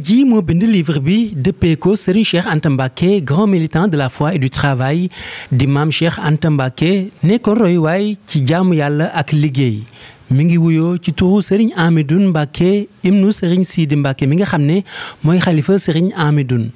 ji moo bind livre bi dëppee ko Serigne Cheikh Anta Mbacké grand militant de la fois et du travail di maam Cheikh Anta Mbacké nekkoon royuwaay ci jàmm yàlla ak liggéey mu ngi wuyoo ci turu Serigne Amidoune Mbacké ibnu Serigne siidi Mbacké mi nga xam ne mooy xalifa Serigne Amidoune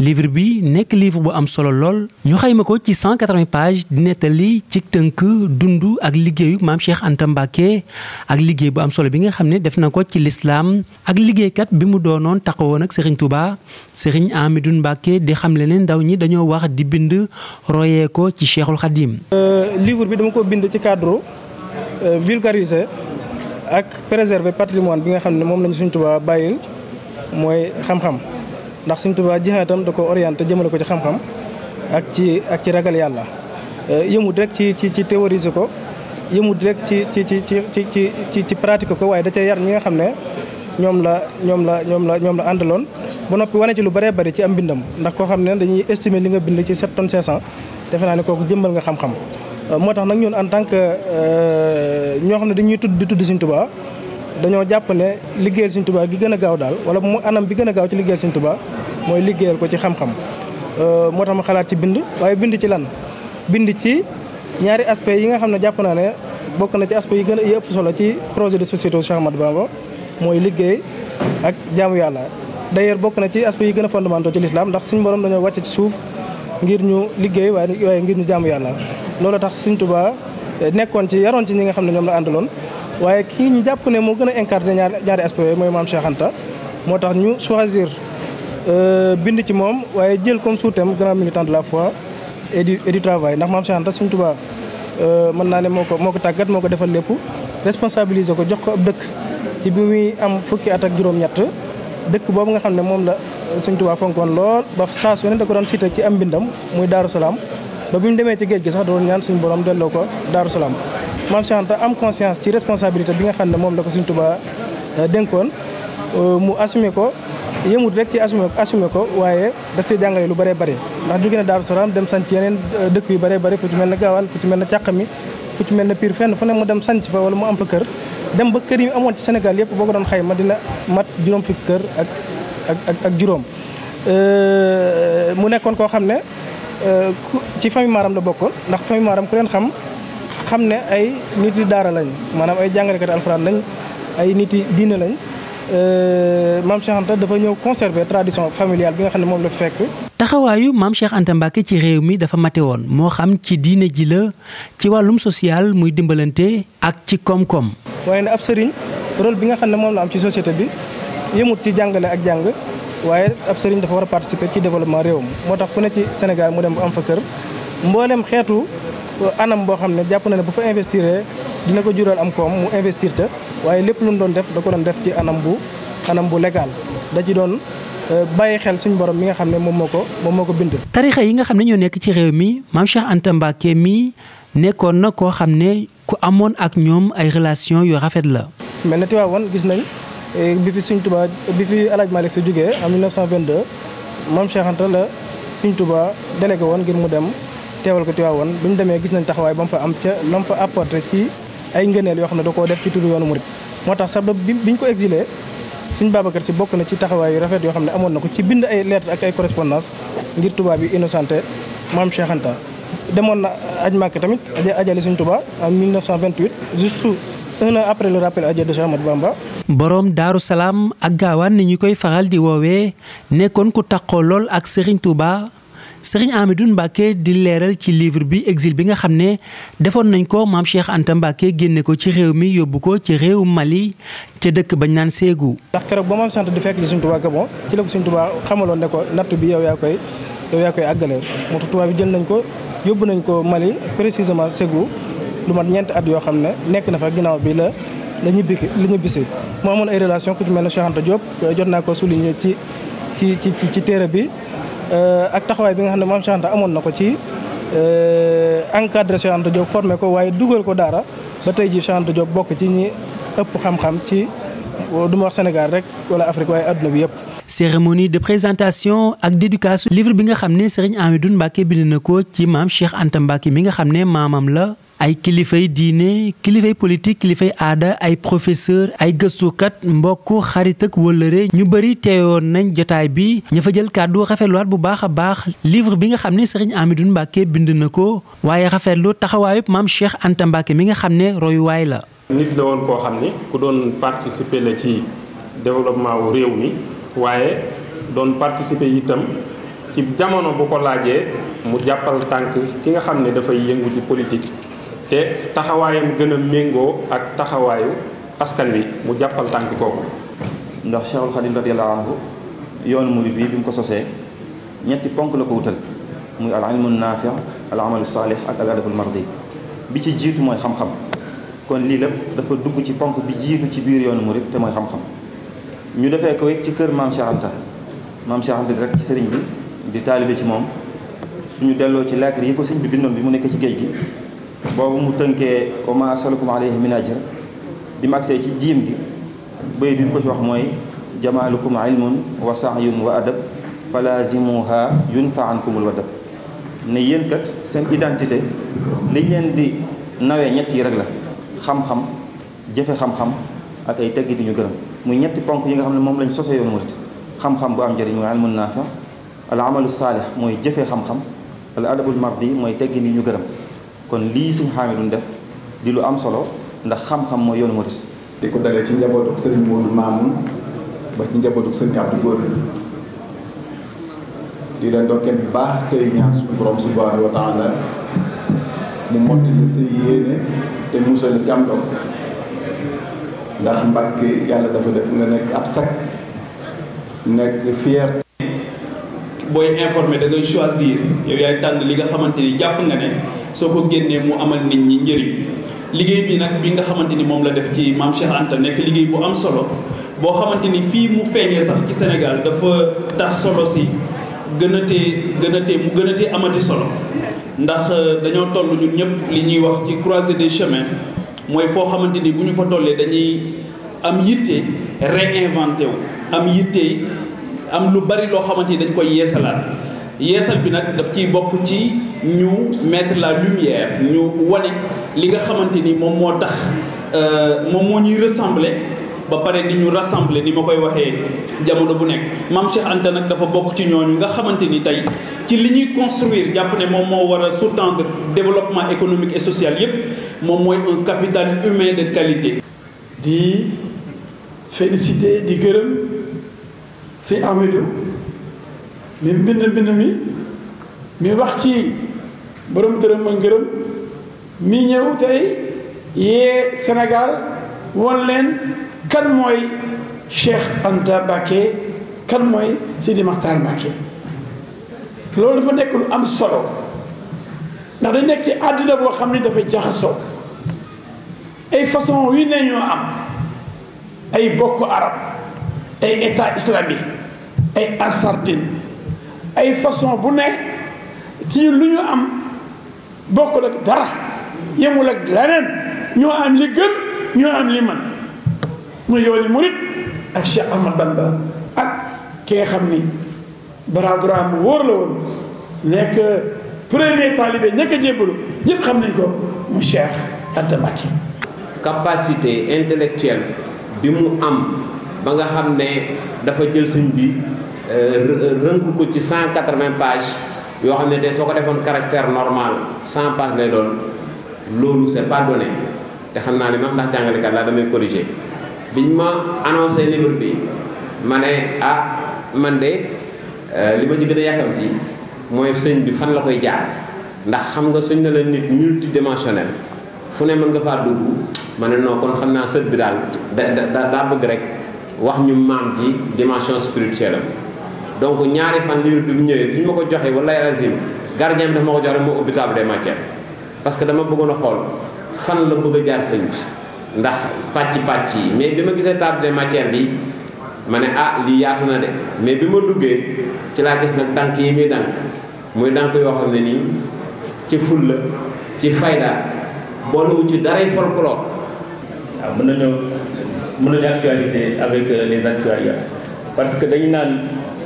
livre bi nekk livre bu am solo lool ñu xayma ko ci 180 pages di nettali ci tënk dund ak liggéeyu maam Cheikh Anta Mbacke ak liggéey bu am solo bi nga xam ne def na ko ci lislaam ak liggéeykat bi mu doonoon taxawoon ak Serigne Touba Serigne Amidou Mbacke di xamle ne ndaw ñi dañoo wax di bind royee ko ci Cheikhul Khadim. Euh, livre bi dama ko bind ci cadre euh, vulgarisé ak préserver patrimoine bi nga xam ne moom lañu Serigne Touba bàyyil mooy xam-xam. ndax Sëriñ Tuubaa jihaatam da ko orienté jëmale ko ci xam-xam ak ci ak ci ragal yàlla euh, yëmut rek ci ci ci théoriser ko yëmut rek ci ci ci ci ci ci ci pratique ko waaye da cee yar ñi nga xam ne ñoom la ñoom la ñoom la ñoom la àndaloon ba noppi wane ci lu bare bëri ci am bindam ndax koo xam ne dañuy estimer li nga bind ci 7 tonnes 500 defe naa ne kooku jëmbal nga xam-xam euh, moo tax nag ñun en tant que euh, ñoo xam ne dañuy tudd di tudd Sëriñ Tuubaa dañoo jàpp ne liggéeyal Sëriñ Tuubaa gi gën a gaaw daal wala mu anam bi gën a gaaw ci liggéeyal Sëriñ Tuubaa mooy liggéeyal ko ci xam-xam euh, moo tax ma xalaat ci bind waaye bind ci lan bind ci ñaari aspect yi nga xam ne jàpp naa ne bokk na ci aspect yi gën a ëpp solo ci projet de société Cheikh Ahmadou Bamba mooy liggéey ak jaamu yàlla d'ailleurs bokk na ci aspect yi gën a fondamental ci l'islam ndax suñu borom dañoo wàcc ci suuf ngir ñu liggéey waaye waaye ngir ñu jaamu yàlla loolu tax Sëriñ Tuubaa nekkoon ci yaroon ci ñi nga xam ne ñoom la àndaloon waaye kii ñu jàpp ne moo gën a incarné ñaari ñaari aspect yooyu mooy maam Cheikh Anta moo tax ñu choisir euh, bind ci moom waaye jël comme sous-thème grand militant de la foi et du et du travail ndax maam Cheikh Anta Sëriñ euh, mën naa ne moo ko moo ko tàggat moo ko defal lépp responsabiliser ko jox ko ab dëkk ci bi muy am fukki at ak juróom-ñett dëkk boobu nga xam ne moom la Sëriñ Tuubaa fonkoon lool ba saa su ne da ko doon cité ci am mbindam muy Daaru Salaam ba bi demee ci géej gi sax doon ñaan suñu borom delloo ko Daaru Salaam maam Cheikh Anta am conscience ci responsabilité bi nga xam ne moom la ko Sëriñ Tuubaa euh, dénkoon euh, mu assumé ko yëmut rek ci assumé assumé ko waaye daf ci jàngale lu bëree bëri ndax jóge na Daaru Salaam dem sanc yeneen euh, dëkk yu bëree bëri fu ci mel ne Gaawaan fu ci mel ne Càqami fu ci mel ne piir fenn fu ne mu dem sanc fa wala mu am fa kër dem ba kër yi amoon ci Sénégal yëpp boo ko doon xayma dina mat juróom fukki kër ak ak juróom mu nekkoon koo xam ne ci famille Maram la bokkoon ndax famille Maram ku xam xam ne ay nit yi daara lañ maanaam ay jàngalekati alxuraan lañ ay nit yi diina lañ euh, maam Cheikh dafa ñëw conserver tradition familiale bi nga xam ne moom la fekk. taxawaayu maam Cheikh Anta Mbacke ci réew mi dafa mate woon moo xam ci diine ji la ci wàllum social muy dimbalante ak ci koom-koom. waaye ne ab sëriñ rôle bi nga xam ne moom la am ci société bi yëmut ci jàngale ak jàng waaye ab sëriñ dafa war a participer ci développement réew mi moo tax fu ne ci Sénégal mu dem am fa kër mboolem xeetu. anam boo xam ne jàpp na ne bu fa investir dina ko jural am koom mu investir te waaye lépp lu mu doon def da ko doon def ci anam bu anam bu légal da ci doon euh, bàyyi xel suñu borom mi nga xam ne moom moo ko moom moo ko bind. tarixa yi nga xam ne ñoo nekk ci réew mi maam Cheikh Anta mi nekkoon na koo xam ne ku amoon ak ñoom ay relation yu rafet la. mel na Tiwaawoon gis nañ euh, bi fi suñ Tuubaa bi fi El Hadj Malick Sy jógee en 1922 maam Cheikh Anta la suñ Tuubaa délégué woon ngir mu dem. teewal ko Tiwaawan bi ñu demee gis nañ taxawaay ba mu fa am ca la mu fa apporté ci ay ngëneel yoo xam ne da def ci turu yoonu murit moo tax sabab bi biñ ko exilé Sëñ Babacar Si bokk na ci taxawaay yu rafet yoo xam ne amoon na ko ci bind ay lettre ak ay correspondance ngir tubaab yi innocenté maam Cheikh demoon na aj Màkka tamit ajale suñ Tuubaa en 1928 juste un an après le rappel adieu de Cheikh Ahmadou Bamba boroom daaru salaam ak gaawaan na ñu koy faral di woowee nekkoon ku taqoo lool ak Serigne Touba sëriñ Amidou Mbacke di leeral ci livre bi exil bi nga xam ne defoon nañ ko maam Cheikh Anta Mbacke génne ko ci réew mi yóbbu ko ci réew Mali ca dëkk bañ naan Ségou. ndax keroog ba maam sant di fekk li suñ Tuubaa Gabon ci la ko suñ Tuubaa xamaloon ne ko natt bi yow yaa koy yow yaa koy moo tax bi jël nañ ko yóbbu nañ ko Mali précisément Ségou lu mat ñeent at yoo xam ne nekk na fa ginnaaw bi la la ñibbi la ñibbisi mu amoon ay relation ku ci mel ne Cheikh Anta Diop jot naa ko souligner ci ci ci ci téere bi. Euh, ak taxawaay bi nga xam ne maam Cheikh Anta amoon na ko ci euh, encadré Cheikh Anta Diop formé ko waaye dugal ko daara ba tey jii Cheikh Anta Diop bokk ci ñi ëpp xam-xam ci du ma wax Sénégal rek wala Afrique waaye adduna bi yëpp. cérémonie de présentation ak d'éducation livre bi nga xam ne Serigne Amidoune Mbacke bind na ko ci maam Cheikh Anta Mbacke mi nga xam ne maamam la ay kilifay diine kilifay politique kilifay aada ay professeur ay gëstukat mbokk xarit ak wëllëre ñu bëri teewoon nañ jotaay bi ña fa jël kàddu rafetluwaat bu baax a baax livre bi nga xam ne Serigne Amidoune Mbacke bind na ko waaye rafetlu taxawaayub maam Cheikh Anta Mbacke mi nga xam ne royuwaay la. nit la woon koo waaye doon participer itam ci jamono bu ko laajee mu jàppal tànk ki nga xam ne dafay yëngu di politique te taxawaayam gën a méngoo ak taxawaayu askan wi mu jàppal tànk kooku ndax Cheikhul Khadim radiyallahu anhu yoonu murid bi bi mu ko sosee ñetti ponk la ko wutal mu al ilmu naafi al amalu saalih ak al adabul mardi bi ci jiitu mooy xam-xam kon lii lépp dafa dugg ci ponk bi jiitu ci biir yoonu murid te mooy xam-xam ñu defee ko it ci kër maam Cheikh Anta maam Cheikh Anta rek ci sëriñ bi di taalibe ci moom suñu delloo ci lettre yi ko sëriñ bi bindoon bi mu nekk ci géej gi boobu mu tënkee wa maa as'alukum alayhi bi mu agsee ci jiim gi bëy bi mu ko ci wax mooy jamaalukum ilmun wa sahyun wa adab falazimuha yunfa ankumul wadab ne yéen seen identité liñ leen di nawee ñett yi rek la xam-xam jëfe xam-xam ak ay teggi ñu gërëm muy ñetti ponk yi nga xam ne moom lañ sosee yoon murit xam-xam bu am njëriñ mooy almun naafi al amalu saalix mooy jëfee xam-xam al adabul mardi mooy teggin yi ñu gërëm kon lii suñ xaamidun def di lu am solo ndax xam-xam mooy yoonu murit di ko dalee ci njabootuk sëriñ Moodu Maamun ba ci njabootuk Góor di leen dokkeel bu baax tey ñaan suñu borom subhaanahu wa taala mu mottali sa yéene te musal jàmm doog ndax Mbàkke yàlla dafa def nga nekk ab sac nekk fier booy informé da choisir yow yaay tànn li nga xamante ni jàpp nga ne soo ko génnee mu amal nit ñi njëriñ liggéey bi nag bi nga xamante ni moom la def ci maam Cheikh Anta nekk liggéey bu am solo boo xamante ni fii mu feeñee sax ci Sénégal dafa tax solo si gën a gën a tee mu gën amati solo ndax euh, dañoo tollu ñun ñëpp li ñuy wax ci croisée des chemins mooy foo xamante ni bu ñu fa tollee dañuy am yitte réinventé wu am yitte am lu bari loo xamante ni dañ koy yeesalaat yeesal bi nag daf ciy bokk ci ñu mettre la lumière ñu wane li nga xamante ni moom moo tax euh, moom moo ñuy ressembler ba pare di ñu rassembler ni ma koy waxee jamono bu nekk maam Cheikh Anta nag dafa bokk ci ñooñu nga xamante ni tey ci li ñuy construire jàpp ne moom moo war a sous-tendre développement économique et social yépp moom mooy un capital humain de qualité. di féliciter di gërëm si Amadou mi mbind mbind mi mi wax ci borom dërëm ma ngërëm mi ñëw tey yee Sénégal woon leen. kan mooy Cheikh Anta kan mooy Sidi Maxtaar Mbacké loolu dafa nekk lu am solo ndax dañ nekk ci àddina boo xam ne dafa jaxasoo ay façon yu ne ñoo am ay bokk arab ay état islamique ay ansardine ay façon bu ne ci lu ñu am bokk ak dara yemul ak leneen ñoo am li gën ñoo am li mën mu yooni murit ak Cheikh Ahmad Bamba ak ki xam ni bras droit bu wóor la woon nekk premier talibé ñëkk a jébbalu ñëpp xam nañ ko mu Cheikh Anta Mbacké capacité intellectuelle bi mu am ba nga xam ne dafa jël sëñ bi euh, rënk ko ci 180 pages yoo xam ne tey soo ko defoon caractère normal 100 pages lay doon loolu c'est pas donné te xam naa ne même ndax jàngalekat laa damay corriger biñ ma annoncé livre bi ma ne ah man de euh, li ma ci gën a yàkkamti mooy sëñ bi fan la koy jaar ndax xam nga suñ ne la nit multidimensionnel fu ne mën nga faa dugg ma ne non kon xam naa sët bi daal da daa bëgg rek wax ñu maam ci dimension spirituelle am donc ñaari fan livre bi mu ñëwee fi ñu ma ko joxee wala razim gardien bi dafa ma ko joxe moo ubbi table des matières parce que dama bëggoon a xool fan la bëgg a jaar sëñ bi ndax pàcc pàcc yi mais bi ma gisee table matière bi ma ne ah li yaatu na de mais bi ma duggee ci laa gis nag dànk yi muy dànk muy dànk yoo xam ne nii ci fulla ci fayda booluwu ci daray folklore. waaw ah, mën mun na nañu actualiser avec euh, les actuaires parce que dañu naan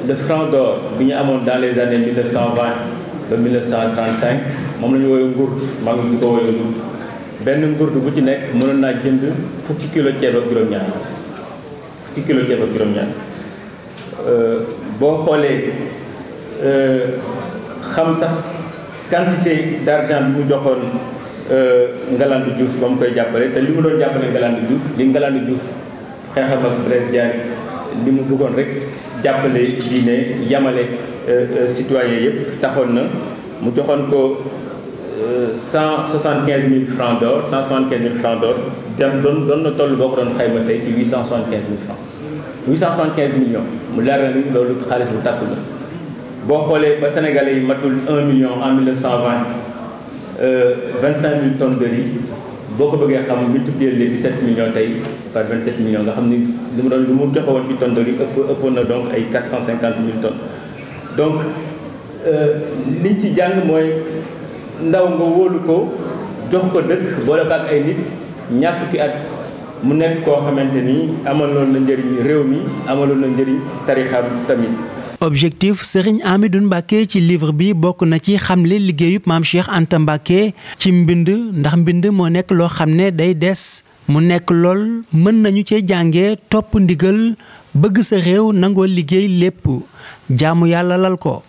le franc d'or bi ñu amoon dans les années 1920 ba 1935 moom la ñu woowee ngurt maa ngi ko woowee ngurt. benn ngurdu bu ci nekk mënoon naa jënd fukki kilo ceeb ak juróom-ñaar fukki kilo ceeb ak juróom-ñaar euh, boo xoolee euh, xam sax quantité d'argent bi mu joxoon euh, Ngalandou Diouf ba mu koy jàppale te li mu doon jàppale Ngalandou juuf li Ngalandou juuf xeexam ak Blaise li mu bëggoon rek jàppale diine yamale citoyen yëpp taxoon na mu joxoon ko cent soixante quinze mille francs d'or cent soixante quinze mille francs d'or dem doon doon na toll boo ko doon xayma tey ci huit cent soixante quinze mille francs huit cent soixante quinze millions mu leer na ni loolu xaalis bu takku la boo xoolee ba yi matul un en mille neuf cent vingt euh, mille tonnes de riz boo ko bëggee xam multiplier les 17 millions tey par 27 millions nga xam ni li mu doon li mu joxe woon ci tonnes de riz ëpp ëppoon na donc ay 450 mille tonnes euh, ndaw nga wóolu ko jox ko dëkk boole ko ak ay nit ñaar fukki at mu nekk koo xamante ni amaloon na njëriñ réew mi amaloon na njëriñ tarixam tamit. objectif Serigne Amidou Mbacke ci livre bi bokk na ci xamle liggéeyub maam Cheikh Anta Mbacke ci mbind ndax mbind moo nekk loo xam ne day des mu nekk lool mën nañu cee jànge topp ndigal bëgg sa réew nangoo liggéey lépp jaamu yàlla lal ko.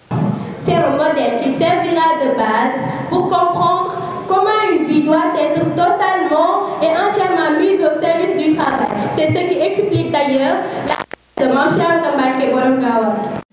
C'est un modèle qui servira de base pour comprendre comment une vie doit être totalement et entièrement mise au service du travail. C'est ce qui explique d'ailleurs la de Mame Cheikh Anta Mbacké Borom Gawane